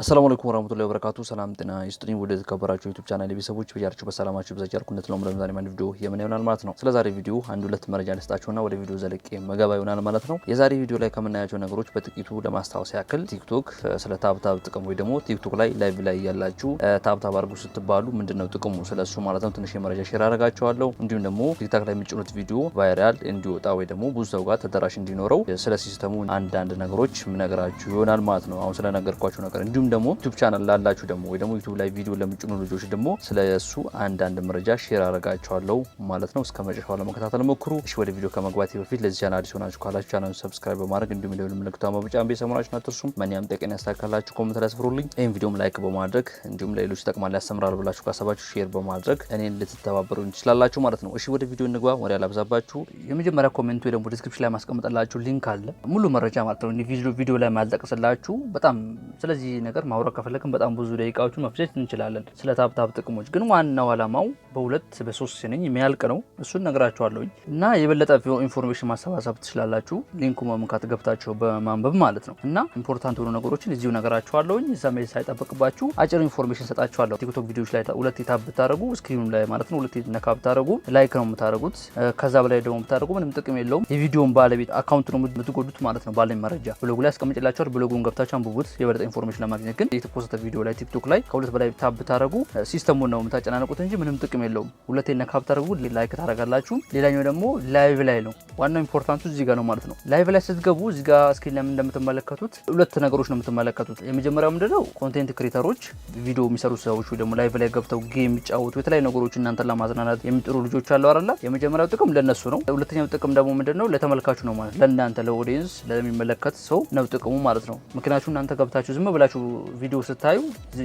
አሰላሙ አለይኩም ወራህመቱላሂ ወበረካቱ። ሰላም ጤና ይስጥልኝ። ወደ ተከበራችሁ ዩቲዩብ ቻናል ቤተሰቦች በያላችሁ በሰላማችሁ ብዛ እያልኩነት ነው። ለምዛሬ ማን ቪዲዮ የምን ይሆናል ማለት ነው። ስለ ዛሬ ቪዲዮ አንድ ሁለት መረጃ ልስጣችሁና ወደ ቪዲዮ ዘለቄ መገባ ይሆናል ማለት ነው። የዛሬ ቪዲዮ ላይ ከምናያቸው ነገሮች በጥቂቱ ለማስታወስ ያክል ቲክቶክ ስለ ታብታብ ጥቅም ወይ ደግሞ ቲክቶክ ላይ ላይቭ ላይ ያላችሁ ታብታብ አድርጉ ስትባሉ ምንድነው ጥቅሙ ስለ እሱ ማለት ነው። ትንሽ የመረጃ ሼር አደርጋችኋለሁ። እንዲሁም ደግሞ ቲክታክ ላይ የሚጭኑት ቪዲዮ ቫይራል እንዲወጣ ወይ ደግሞ ብዙ ሰው ጋር ተደራሽ እንዲኖረው ስለ ሲስተሙ አንዳንድ ነገሮች ምነግራችሁ ይሆናል ማለት ነው። አሁን ስለነገርኳችሁ ነገር እንዲሁም ደግሞ ዩቱብ ቻናል ላላችሁ ደግሞ ወይ ደግሞ ዩቱብ ላይ ቪዲዮ ለምጭኑ ልጆች ደግሞ ስለ እሱ አንዳንድ መረጃ ሼር አረጋቸዋለሁ ማለት ነው። እስከ መጨረሻው ለመከታተል ሞክሩ። እሺ፣ ወደ ቪዲዮ ከመግባት በፊት ለዚህ ቻናል አዲስ ሆናችሁ ካላችሁ ቻናሉ ሰብስክራይብ በማድረግ እንዲሁም ደብል ምልክቷን በመጫን ቤተሰብ መሆናችሁን አትርሱም። መኒያም ጠቀን ያስታካላችሁ ኮመንት ላይ አስፍሩልኝ። ይህም ቪዲዮም ላይክ በማድረግ እንዲሁም ለሌሎች ይጠቅማል ያስተምራል ብላችሁ ካሰባችሁ ሼር በማድረግ እኔን ልትተባበሩ እንችላላችሁ ማለት ነው። እሺ፣ ወደ ቪዲዮ እንግባ። ወደ ያላብዛባችሁ የመጀመሪያ ኮሜንት ወይ ደግሞ ዲስክሪፕሽን ላይ ማስቀመጠላችሁ ሊንክ አለ ሙሉ መረጃ ማለት ነው ቪዲዮ ላይ ማልጠቅስላችሁ በጣም ስለዚህ ነገር ነገር ማውራት ከፈለግን በጣም ብዙ ደቂቃዎችን መፍጀት እንችላለን። ስለ ታብታብ ጥቅሞች ግን ዋናው አላማው በሁለት በሶስት ሲነኝ የሚያልቅ ነው። እሱን ነግራችኋለሁኝ እና የበለጠ ኢንፎርሜሽን ማሰባሰብ ትችላላችሁ። ሊንኩ መምካት ገብታችሁ በማንበብ ማለት ነው እና ኢምፖርታንት የሆኑ ነገሮችን እዚሁ ነግራችኋለሁኝ። እዛ መሄድ ሳይጠበቅባችሁ አጭር ኢንፎርሜሽን ሰጣችኋለሁ። ቲክቶክ ቪዲዮዎች ላይ ሁለት ታብ ብታደረጉ ስክሪኑ ላይ ማለት ነው ሁለት ነካ ብታደረጉ ላይክ ነው የምታደረጉት። ከዛ በላይ ደግሞ ብታደረጉ ምንም ጥቅም የለውም። የቪዲዮን ባለቤት አካውንት ነው የምትጎዱት ማለት ነው። ባለኝ መረጃ ብሎጉ ላይ አስቀምጭላችኋል። ብሎጉን ገብታችሁ አንብቡት የበለጠ ኢንፎርሜሽን ለማ ለማግኘት ግን የተፖሰተ ቪዲዮ ላይ ቲክቶክ ላይ ከሁለት በላይ ታብ ብታደረጉ ሲስተሙን ነው የምታጨናነቁት እንጂ ምንም ጥቅም የለውም። ሁለቴ ነካ ብታደረጉ ላይክ ታደረጋላችሁ። ሌላኛው ደግሞ ላይቭ ላይ ነው ዋናው ኢምፖርታንቱ እዚህ ጋር ነው ማለት ነው። ላይቭ ላይ ስትገቡ እዚህ ጋር ስክሪን ላይ እንደምትመለከቱት ሁለት ነገሮች ነው የምትመለከቱት። የመጀመሪያው ምንድነው ኮንቴንት ክሬተሮች ቪዲዮ የሚሰሩ ሰዎች ደግሞ ላይቭ ላይ ገብተው ጌም የሚጫወቱ የተለያዩ ነገሮች እናንተን ለማዝናናት የሚጥሩ ልጆች አሉ አይደለ? የመጀመሪያው ጥቅም ለነሱ ነው። ሁለተኛው ጥቅም ደግሞ ምንድነው ለተመልካቹ ነው ማለት ለእናንተ ለኦዲየንስ ለሚመለከት ሰው ነው ጥቅሙ ማለት ነው። ምክንያቱም እናንተ ገብታችሁ ዝም ብላችሁ ቪዲዮ ስታዩ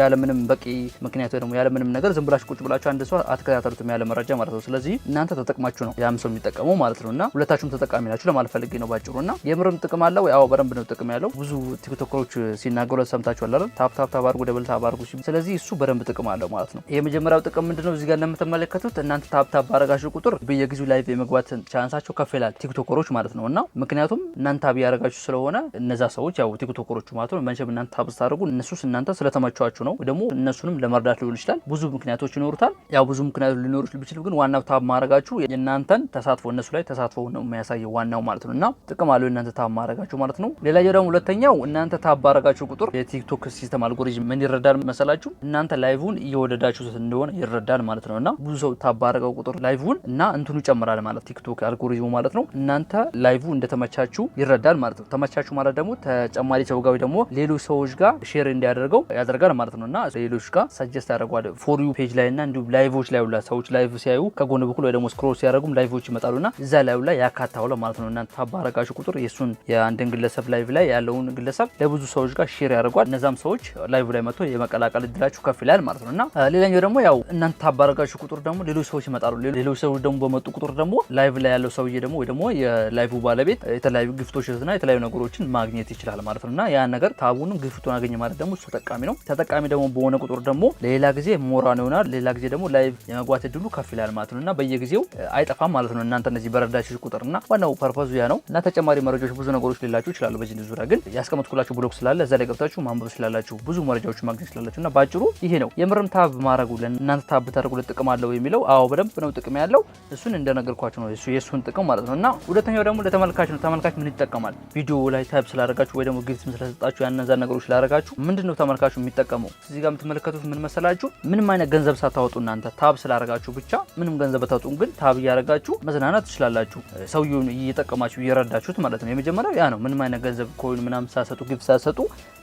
ያለምንም በቂ ምክንያት ወይ ደግሞ ያለምንም ነገር ዝም ብላችሁ ቁጭ ብላችሁ አንድ ሰው አትከታተሉትም ያለ መረጃ ማለት ነው። ስለዚህ እናንተ ተጠቅማችሁ ነው ያም ሰው የሚጠቀመው ማለት ነው እና ሁለታችሁም ተጠቃሚ ናችሁ ለማለት ፈልጌ ነው ባጭሩ። እና የምርም ጥቅም አለው። ያው በደንብ ነው ጥቅም ያለው። ብዙ ቲክቶከሮች ሲናገሩ ሰምታችኋል አይደል? ታፕ ታፕ ታፕ አድርጉ፣ ደብል ታፕ አድርጉ። ስለዚህ እሱ በደንብ ጥቅም አለው ማለት ነው። የመጀመሪያው ጥቅም ምንድነው? እዚህ ጋር እንደምትመለከቱት እናንተ ታፕ ታፕ ባረጋችሁ ቁጥር በየጊዜው ላይቭ የመግባት ቻንሳቸው ከፍ ይላል ቲክቶከሮች ማለት ነው እና ምክንያቱም እናንተ ታብ ያረጋችሁ ስለሆነ እነዛ ሰዎች ያው ቲክቶከሮቹ ማለት ነው መቼም እናንተ ታብ ስታደርጉ እነሱስ እናንተ ስለተመቿችሁ ነው፣ ደግሞ እነሱንም ለመርዳት ሊሆን ይችላል። ብዙ ምክንያቶች ይኖሩታል። ያው ብዙ ምክንያቶች ሊኖሩ ቢችሉ ግን ዋናው ታብ ማድረጋችሁ የእናንተን ተሳትፎ እነሱ ላይ ተሳትፎ ነው የሚያሳየው ዋናው ማለት ነው እና ጥቅም አለው እናንተ ታብ ማድረጋችሁ ማለት ነው። ሌላኛው ደግሞ ሁለተኛው እናንተ ታብ ማድረጋችሁ ቁጥር የቲክቶክ ሲስተም አልጎሪዝም ምን ይረዳል መሰላችሁ? እናንተ ላይቭን እየወደዳችሁት እንደሆነ ይረዳል ማለት ነው እና ብዙ ሰው ታብ ባረገው ቁጥር ላይቭን እና እንትኑ ይጨምራል ማለት ቲክቶክ አልጎሪዝሙ ማለት ነው። እናንተ ላይቭ እንደተመቻችሁ ይረዳል ማለት ነው። ተመቻችሁ ማለት ደግሞ ተጨማሪ ሰው ጋር ደግሞ ሌሎች ሰዎች ጋር ሼር እንዲያደርገው ያደርጋል ማለት ነው እና ሌሎች ጋር ሰጀስት ያደርጓል ፎር ዩ ፔጅ ላይ እና እንዲሁም ላይቮች ላይ ሁላ ሰዎች ላይቭ ሲያዩ ከጎን በኩል ወይ ደግሞ ስክሮል ሲያደርጉም ላይቮች ይመጣሉ እና እዛ ላይ ሁላ ያካታውለ ማለት ነው። እናንተ ባረጋችሁ ቁጥር የእሱን የአንድን ግለሰብ ላይቭ ላይ ያለውን ግለሰብ ለብዙ ሰዎች ጋር ሼር ያደርጓል። እነዛም ሰዎች ላይቭ ላይ መጥቶ የመቀላቀል እድላችሁ ከፍ ይላል ማለት ነው እና ሌላኛው ደግሞ ያው እናንተ ታባረጋችሁ ቁጥር ደግሞ ሌሎች ሰዎች ይመጣሉ። ሌሎች ሰዎች ደግሞ በመጡ ቁጥር ደግሞ ላይቭ ላይ ያለው ሰውዬ ደግሞ ወይ ደግሞ የላይቭ ባለቤት የተለያዩ ግፍቶችና የተለያዩ ነገሮችን ማግኘት ይችላል ማለት ነው እና ያን ነገር ታቡንም ግፍቱን አገኘ ማለት ማለት ደግሞ እሱ ተጠቃሚ ነው። ተጠቃሚ ደግሞ በሆነ ቁጥር ደግሞ ለሌላ ጊዜ ነው ይሆናል። ሌላ ጊዜ ደግሞ ላይቭ የመግባት እድሉ ከፍ ይላል ማለት ነው እና በየጊዜው አይጠፋም ማለት ነው። እናንተ እነዚህ በረዳችሁ ቁጥር እና ዋናው ፐርፐዙ ያ ነው እና ተጨማሪ መረጃዎች ብዙ ነገሮች ሌላችሁ ይችላሉ። በዚህ ዙሪያ ግን ያስቀመጥኩላችሁ ብሎክ ስላለ እዛ ላይ ገብታችሁ ማንበብ ስላላችሁ ብዙ መረጃዎች ማግኘት ስላላችሁ እና በአጭሩ ይሄ ነው የምርም ታብ ማድረጉ ለእናንተ ታብ ብታደርጉ ጥቅም አለው የሚለው አዎ፣ በደንብ ነው ጥቅም ያለው። እሱን እንደነገርኳቸው ነው የእሱን ጥቅም ማለት ነው እና ሁለተኛው ደግሞ ለተመልካች ነው። ተመልካች ምን ይጠቀማል? ቪዲዮ ላይ ታብ ስላደረጋችሁ ወይ ደግሞ ጊፍት ስለሰጣችሁ ያነዛ ነገሮች ስላደረጋችሁ ምንድን ነው ተመልካቹ የሚጠቀመው? እዚህ ጋር የምትመለከቱት ምን መሰላችሁ? ምንም አይነት ገንዘብ ሳታወጡ እናንተ ታብ ስላደረጋችሁ ብቻ ምንም ገንዘብ አታወጡም፣ ግን ታብ እያደረጋችሁ መዝናናት ትችላላችሁ። ሰውየውን እየጠቀማችሁ እየረዳችሁት ማለት ነው። የመጀመሪያው ያ ነው። ምንም አይነት ገንዘብ ኮይን ምናምን ሳሰጡ ግብ ሳሰጡ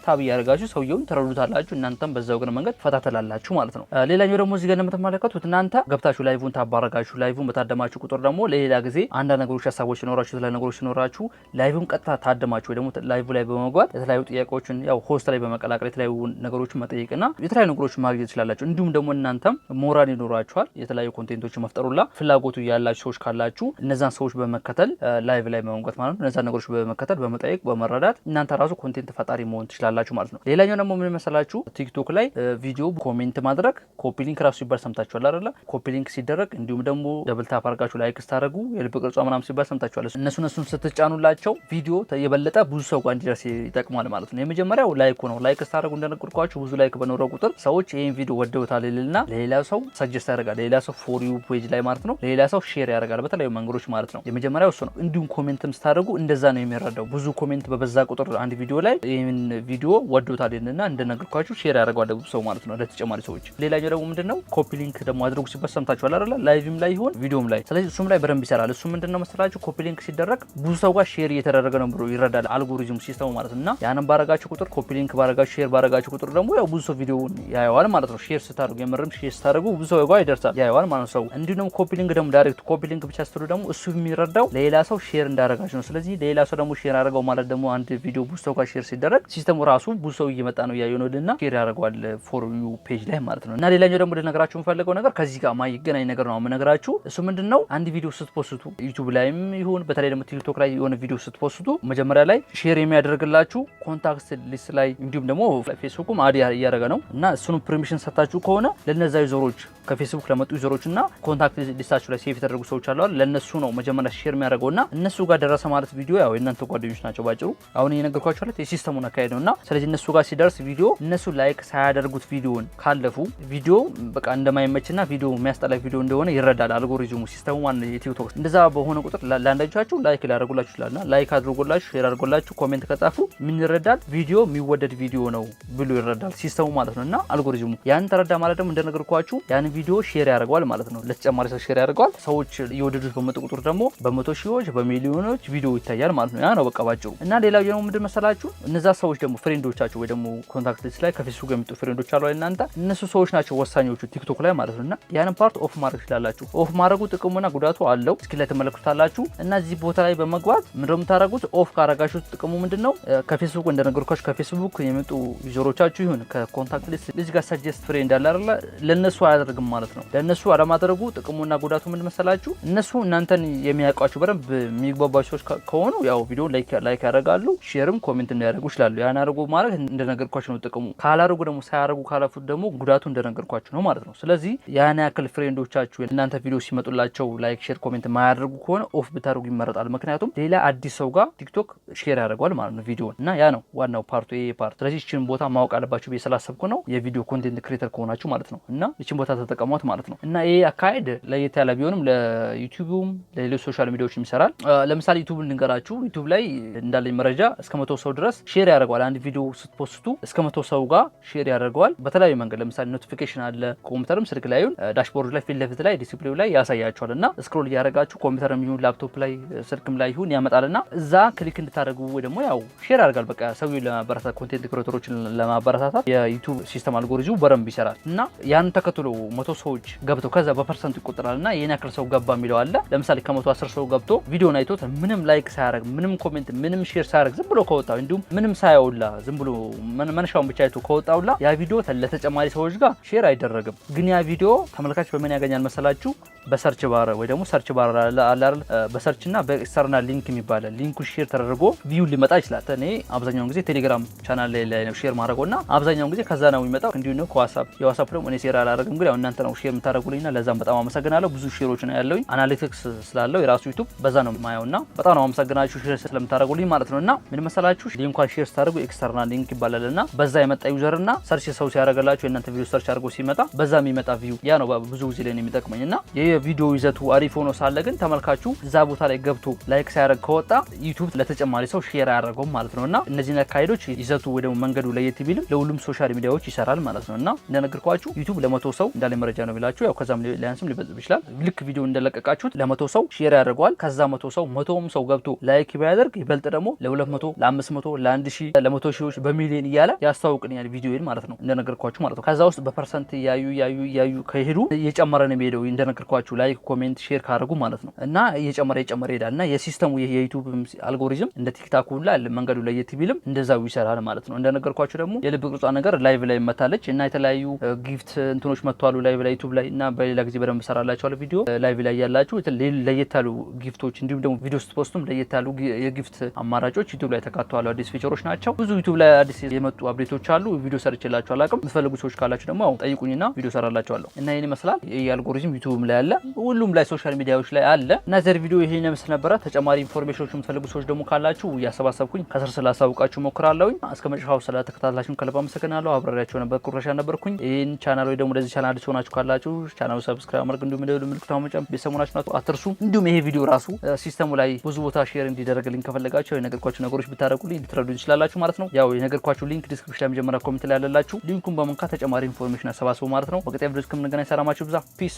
ታብ እያደረጋችሁ ሰውየውን ትረዱታላችሁ። እናንተም በዛው ግን መንገድ ፈታተላላችሁ ማለት ነው። ሌላኛው ደግሞ እዚህ ጋር እንደምትመለከቱት እናንተ ገብታችሁ ላይቭን ታባረጋችሁ። ላይቭን በታደማችሁ ቁጥር ደግሞ ለሌላ ጊዜ አንዳንድ ነገሮች፣ ሀሳቦች ሲኖራችሁ፣ የተለያዩ ነገሮች ሲኖራችሁ ላይቭን ቀጥታ ታደማችሁ ወይ ደግሞ ላይቭ ላይ በመግባት የተለያዩ ጥያቄዎችን ያው ሆስት ላይ በመቀላቀል የተለያዩ ነገሮችን መጠየቅና የተለያዩ ነገሮችን ማግኘት ይችላላችሁ። እንዲሁም ደግሞ እናንተም ሞራል ይኖራችኋል። የተለያዩ ኮንቴንቶች መፍጠሩላ ፍላጎቱ ያላችሁ ሰዎች ካላችሁ እነዛን ሰዎች በመከተል ላይቭ ላይ በመግባት ማለት ነው እነዛን ነገሮች በመከተል በመጠየቅ በመረዳት እናንተ ራሱ ኮንቴንት ፈጣሪ መሆን ትችላላችሁ። ትችላላችሁ ማለት ነው። ሌላኛው ደግሞ ምን መሰላችሁ ቲክቶክ ላይ ቪዲዮ ኮሜንት ማድረግ ኮፒ ሊንክ ራሱ ሲባል ሰምታችኋል አይደለ? ኮፒ ሊንክ ሲደረግ እንዲሁም ደግሞ ደብል ታፕ አርጋችሁ ላይክ ስታደርጉ የልብ ቅርጿ ምናምን ሲባል ሰምታችኋል። እነሱ እነሱን ስትጫኑላቸው ቪዲዮ የበለጠ ብዙ ሰው ጋር እንዲደርስ ይጠቅማል ማለት ነው። የመጀመሪያው ላይኩ ነው። ላይክ ስታደርጉ እንደነገርኳችሁ ብዙ ላይክ በኖረ ቁጥር ሰዎች ይህን ቪዲዮ ወደውታል ይልና ሌላ ሰው ሰጀስት ያደርጋል። ሌላ ሰው ፎር ዩ ፔጅ ላይ ማለት ነው። ሌላ ሰው ሼር ያደርጋል በተለያዩ መንገዶች ማለት ነው። የመጀመሪያው እሱ ነው። እንዲሁም ኮሜንትም ስታደርጉ እንደዛ ነው የሚረዳው። ብዙ ኮሜንት በበዛ ቁጥር አንድ ቪዲዮ ላይ ይህን ቪዲዮ ቪዲዮ ወዶታል እና እንደነገርኳችሁ ሼር ያደርገዋል ብዙ ሰው ማለት ነው ለተጨማሪ ሰዎች። ሌላኛው ደግሞ ምንድነው ኮፒ ሊንክ ደግሞ አድርጉ ሲባል ሰምታችኋል አይደለ? ላይቭም ላይ ይሁን ቪዲዮም ላይ። ስለዚህ እሱም ላይ በደንብ ይሰራል። እሱ ምንድነው መሰላችሁ ኮፒ ሊንክ ሲደረግ ብዙ ሰው ጋር ሼር እየተደረገ ነው ብሎ ይረዳል አልጎሪዝም ሲስተሙ ማለት እና ያንን ባረጋችሁ ቁጥር ኮፒ ሊንክ ባረጋችሁ ሼር ባረጋችሁ ቁጥር ደግሞ ያው ብዙ ሰው ቪዲዮውን ያየዋል ማለት ነው። ሼር ስታደርጉ የመረም ሼር ስታደርጉ ብዙ ሰው ጋር ይደርሳል ያየዋል ማለት ነው። እንዲሁ ደግሞ ኮፒ ሊንክ ደግሞ ዳይሬክት ኮፒ ሊንክ ብቻ ስትሉ ደግሞ እሱ የሚረዳው ሌላ ሰው ሼር እንዳረጋችሁ ነው። ስለዚህ ሌላ ሰው ደግሞ ሼር አደረገው ማለት ደግሞ አንድ ቪዲዮ ብዙ ሰው ጋር ሼር ሲደረግ ሲስተሙ ራሱ ብዙ ሰው እየመጣ ነው እያየ ነው ልና ሼር ያደርገዋል ፎር ዩ ፔጅ ላይ ማለት ነው። እና ሌላኛው ደግሞ ልነግራችሁ የምፈልገው ነገር ከዚህ ጋር ማይገናኝ ነገር ነው የምነግራችሁ። እሱ ምንድን ነው? አንድ ቪዲዮ ስትፖስቱ ዩቱብ ላይም ይሁን በተለይ ደግሞ ቲክቶክ ላይ የሆነ ቪዲዮ ስትፖስቱ መጀመሪያ ላይ ሼር የሚያደርግላችሁ ኮንታክት ሊስት ላይ እንዲሁም ደግሞ ፌስቡክም አድ እያደረገ ነው እና እሱንም ፐርሚሽን ሰታችሁ ከሆነ ለነዛ ዩዘሮች ከፌስቡክ ለመጡ ዩዘሮች እና ኮንታክት ሊስታችሁ ላይ ሴፍ የተደረጉ ሰዎች አለዋል ለእነሱ ነው መጀመሪያ ሼር የሚያደርገው እና እነሱ ጋር ደረሰ ማለት ቪዲዮ ያው የእናንተ ጓደኞች ናቸው ባጭሩ። አሁን እየነገርኳቸው የሲስተሙን አካሄድ ነው እና ስለዚህ እነሱ ጋር ሲደርስ ቪዲዮ እነሱ ላይክ ሳያደርጉት ቪዲዮን ካለፉ ቪዲዮ በቃ እንደማይመችና ቪዲዮ የሚያስጠላ ቪዲዮ እንደሆነ ይረዳል አልጎሪዝሙ ሲስተሙ ማ የቲክቶክ እንደዛ በሆነ ቁጥር ለአንዳንዶቻችሁ ላይክ ሊያደርጉላችሁ ይችላልና ላይክ አድርጎላችሁ ሼር አድርጎላችሁ ኮሜንት ከጻፉ ምን ይረዳል ቪዲዮ የሚወደድ ቪዲዮ ነው ብሎ ይረዳል ሲስተሙ ማለት ነው እና አልጎሪዝሙ ያን ተረዳ ማለት ደግሞ እንደነገርኳችሁ ያን ቪዲዮ ሼር ያደርገዋል ማለት ነው ለተጨማሪ ሰው ሼር ያደርገዋል ሰዎች እየወደዱት በመጡ ቁጥር ደግሞ በመቶ ሺዎች በሚሊዮኖች ቪዲዮ ይታያል ማለት ነው ያ ነው በቃ ባጭሩ እና ሌላው ደግሞ ምንድን መሰላችሁ እነዛ ሰዎች ደግሞ ፍሬንዶቻቸው ወይ ደግሞ ኮንታክት ሊስት ላይ ከፌስቡክ የሚጡ ፍሬንዶች አሉ እናንተ እነሱ ሰዎች ናቸው ወሳኞቹ ቲክቶክ ላይ ማለት ነው። እና ያንን ፓርት ኦፍ ማድረግ ይችላላችሁ። ኦፍ ማድረጉ ጥቅሙና ጉዳቱ አለው። እስኪ ላይ ተመለክቱታላችሁ እና እዚህ ቦታ ላይ በመግባት ምንድን ነው ኦፍ ካረጋችሁት ጥቅሙ ምንድን ነው? ከፌስቡክ እንደነገርኳችሁ ከፌስቡክ የሚጡ ዩዘሮቻችሁ ይሁን ከኮንታክት ሊስት ልጅ ጋር ሰጀስት ፍሬንድ ያለ ለእነሱ አያደርግም ማለት ነው። ለእነሱ አለማድረጉ ጥቅሙና ጉዳቱ ምንድ መሰላችሁ? እነሱ እናንተን የሚያውቋችሁ በደንብ የሚግባባቸው ሰዎች ከሆኑ ያው ቪዲዮ ላይክ ያደርጋሉ፣ ሼርም ኮሜንት እንዳያደርጉ ይችላሉ። ያን አድርጎ ማለት እንደነገርኳቸው ነው ጥቅሙ። ካላደረጉ ደግሞ ሳያደርጉ ካለፉት ደግሞ ጉዳቱ እንደነገርኳቸው ነው ማለት ነው። ስለዚህ ያን ያክል ፍሬንዶቻችሁ እናንተ ቪዲዮ ሲመጡላቸው ላይክ፣ ሼር፣ ኮሜንት ማያደርጉ ከሆነ ኦፍ ብታደርጉ ይመረጣል። ምክንያቱም ሌላ አዲስ ሰው ጋር ቲክቶክ ሼር ያደርገዋል ማለት ነው ቪዲዮን እና ያ ነው ዋናው ፓርቱ ይ ፓርት። ስለዚህ ይችን ቦታ ማወቅ አለባችሁ ብዬ ስላሰብኩ ነው የቪዲዮ ኮንቴንት ክሬተር ከሆናችሁ ማለት ነው እና ይችን ቦታ ተጠቀሟት ማለት ነው እና ይሄ አካሄድ ለየት ያለ ቢሆንም ለዩቲዩብም ለሌሎች ሶሻል ሚዲያዎችም ይሰራል። ለምሳሌ ዩቱብ ልንገራችሁ። ዩቱብ ላይ እንዳለኝ መረጃ እስከ መቶ ሰው ድረስ ሼር ያደርገዋል አንድ ቪዲዮ ስትፖስቱ እስከ መቶ ሰው ጋር ሼር ያደርገዋል። በተለያዩ መንገድ ለምሳሌ ኖቲፊኬሽን አለ፣ ኮምፒውተርም ስልክ ላይሁን ዳሽቦርድ ላይ ፊት ለፊት ላይ ዲስፕሌው ላይ ያሳያቸዋል እና ስክሮል እያደረጋችሁ ኮምፒውተርም ይሁን ላፕቶፕ ላይ ስልክም ላይ ይሁን ያመጣልና እዛ ክሊክ እንድታደርጉ ወይ ደግሞ ያው ሼር ያደርጋል። በቃ ሰው ለማበረታታት ኮንቴንት ክሬተሮችን ለማበረታታት የዩቱብ ሲስተም አልጎሪዝሙ በረንብ ይሰራል እና ያን ተከትሎ መቶ ሰዎች ገብተው ከዛ በፐርሰንት ይቆጠራል እና ይህን ያክል ሰው ገባ የሚለው አለ። ለምሳሌ ከመቶ አስር ሰው ገብቶ ቪዲዮን አይቶት ምንም ላይክ ሳያደርግ ምንም ኮሜንት ምንም ሼር ሳያደርግ ዝም ብሎ ከወጣ እንዲሁም ምንም ሳያውላ ዝም ብሎ መነሻውን ብቻ አይቶ ከወጣውላ ያ ቪዲዮ ለተጨማሪ ሰዎች ጋር ሼር አይደረግም። ግን ያ ቪዲዮ ተመልካች በምን ያገኛል መሰላችሁ? በሰርች ባር ወይ ደግሞ ሰርች ባር አላል በሰርች እና በኤክስተርናል ሊንክ የሚባለ ሊንኩ ሼር ተደርጎ ቪዩ ሊመጣ ይችላል። እኔ አብዛኛውን ጊዜ ቴሌግራም ቻናል ላይ ነው ሼር ማድረገው እና አብዛኛውን ጊዜ ከዛ ነው የሚመጣው። እንዲሁ ነው ከዋሳፕ የዋሳፕ ደግሞ እኔ ሼር አላደረግም፣ ግን ያው እናንተ ነው ሼር የምታደርጉልኝ እና ለዛም በጣም አመሰግናለሁ። ብዙ ሼሮች ነው ያለውኝ አናሊቲክስ ስላለው የራሱ ዩቱብ በዛ ነው ማየው እና በጣም ነው አመሰግናችሁ ሼር ስለምታደርጉልኝ ማለት ነው እና ምን መሰላችሁ ሊንኳን ሼር ስታደርጉ ኤክስተር ኢንተርናል ሊንክ ይባላል እና በዛ የመጣ ዩዘር እና ሰርች ሰው ሲያደርገላችሁ የእናንተ ቪዲዮ ሰርች አድርጎ ሲመጣ በዛ የሚመጣ ቪው ያ ነው ብዙ ጊዜ ላይ የሚጠቅመኝ እና የቪዲዮ ይዘቱ አሪፍ ሆኖ ሳለ ግን ተመልካቹ እዛ ቦታ ላይ ገብቶ ላይክ ሳያደርግ ከወጣ ዩቱብ ለተጨማሪ ሰው ሼር አያደርገውም ማለት ነው እና እነዚህን አካሄዶች ይዘቱ ወይ ደግሞ መንገዱ ለየት ቢልም ለሁሉም ሶሻል ሚዲያዎች ይሰራል ማለት ነው እና እንደነገርኳችሁ ዩቱብ ለመቶ ሰው እንዳለ መረጃ ነው የሚላችሁ ያው ከዛም ሊያንስም ሊበዝብ ይችላል። ልክ ቪዲዮ እንደለቀቃችሁት ለመቶ ሰው ሼር ያደርገዋል። ከዛ መቶ ሰው መቶም ሰው ገብቶ ላይክ ቢያደርግ ይበልጥ ደግሞ ለሁለት መቶ ለአምስት መቶ ለአንድ ሺህ ለመቶ በሺዎች በሚሊዮን እያለ ያስተዋውቅኛል ቪዲዮን ማለት ነው እንደነገርኳችሁ ማለት ነው። ከዛ ውስጥ በፐርሰንት እያዩ እያዩ እያዩ ከሄዱ እየጨመረ ነው የሚሄደው እንደነገርኳችሁ፣ ላይክ ኮሜንት፣ ሼር ካደረጉ ማለት ነው እና እየጨመረ እየጨመረ ሄዳል እና የሲስተሙ የዩቱብ አልጎሪዝም እንደ ቲክታክ ሁላ መንገዱ ላይ የቲቪልም እንደዛው ይሰራል ማለት ነው። እንደነገርኳችሁ ደግሞ የልብ ቅርጿ ነገር ላይቭ ላይ መታለች እና የተለያዩ ጊፍት እንትኖች መጥተዋሉ ላይቭ ላይ ዩቱብ ላይ እና በሌላ ጊዜ በደንብ ሰራላቸዋል ቪዲዮ ላይቭ ላይ ያላችሁ ለየት ያሉ ጊፍቶች እንዲሁም ደግሞ ቪዲዮ ስትፖስቱም ለየት ያሉ የጊፍት አማራጮች ዩቱብ ላይ ተካተዋሉ አዲስ ፊቸሮች ናቸው ብዙ ዩቱብ ላይ አዲስ የመጡ አብዴቶች አሉ። ቪዲዮ ሰርችላችሁ አላቅም። የምትፈልጉ ሰዎች ካላችሁ ደግሞ አሁን ጠይቁኝና ቪዲዮ ሰራላችኋለሁ። እና ይህን ይመስላል አልጎሪዝም ዩቱብም ላይ አለ፣ ሁሉም ላይ ሶሻል ሚዲያዎች ላይ አለ። እና ዘር ቪዲዮ ይህን ይመስል ነበረ። ተጨማሪ ኢንፎርሜሽኖች የምትፈልጉ ሰዎች ደግሞ ካላችሁ እያሰባሰብኩኝ ከስር ስላሳውቃችሁ ሞክራለሁኝ። እስከ መጨረሻው ስለተከታተላችሁን ከልብ አመሰግናለሁ። አብራሪያቸው ነበር ቁረሻ ነበርኩኝ። ይህን ቻናል ወይ ደግሞ ለዚህ ቻናል አዲስ ሆናችሁ ካላችሁ ቻናሉ ሰብስክራይብ ማድረግ እንዲሁም ደወል ምልክቱን መጫን ቤተሰቡናችሁ አትርሱ። እንዲሁም ይሄ ቪዲዮ ራሱ ሲስተሙ ላይ ብዙ ቦታ ሼር እንዲደረግልኝ ከፈለጋችሁ የነገርኳችሁ ነገሮች ብታደረጉልኝ ልትረዱ ይችላላችሁ ማለት ነው። ነው። ያው የነገርኳችሁ ሊንክ ዲስክሪፕሽን ላይ መጀመሪያ ኮሜንት ላይ ያለላችሁ ሊንኩን በመንካት ተጨማሪ ኢንፎርሜሽን አሰባስቡ ማለት ነው። በቀጣይ ቪዲዮ እስከምንገናኝ ሰላማችሁ ብዛ። ፒስ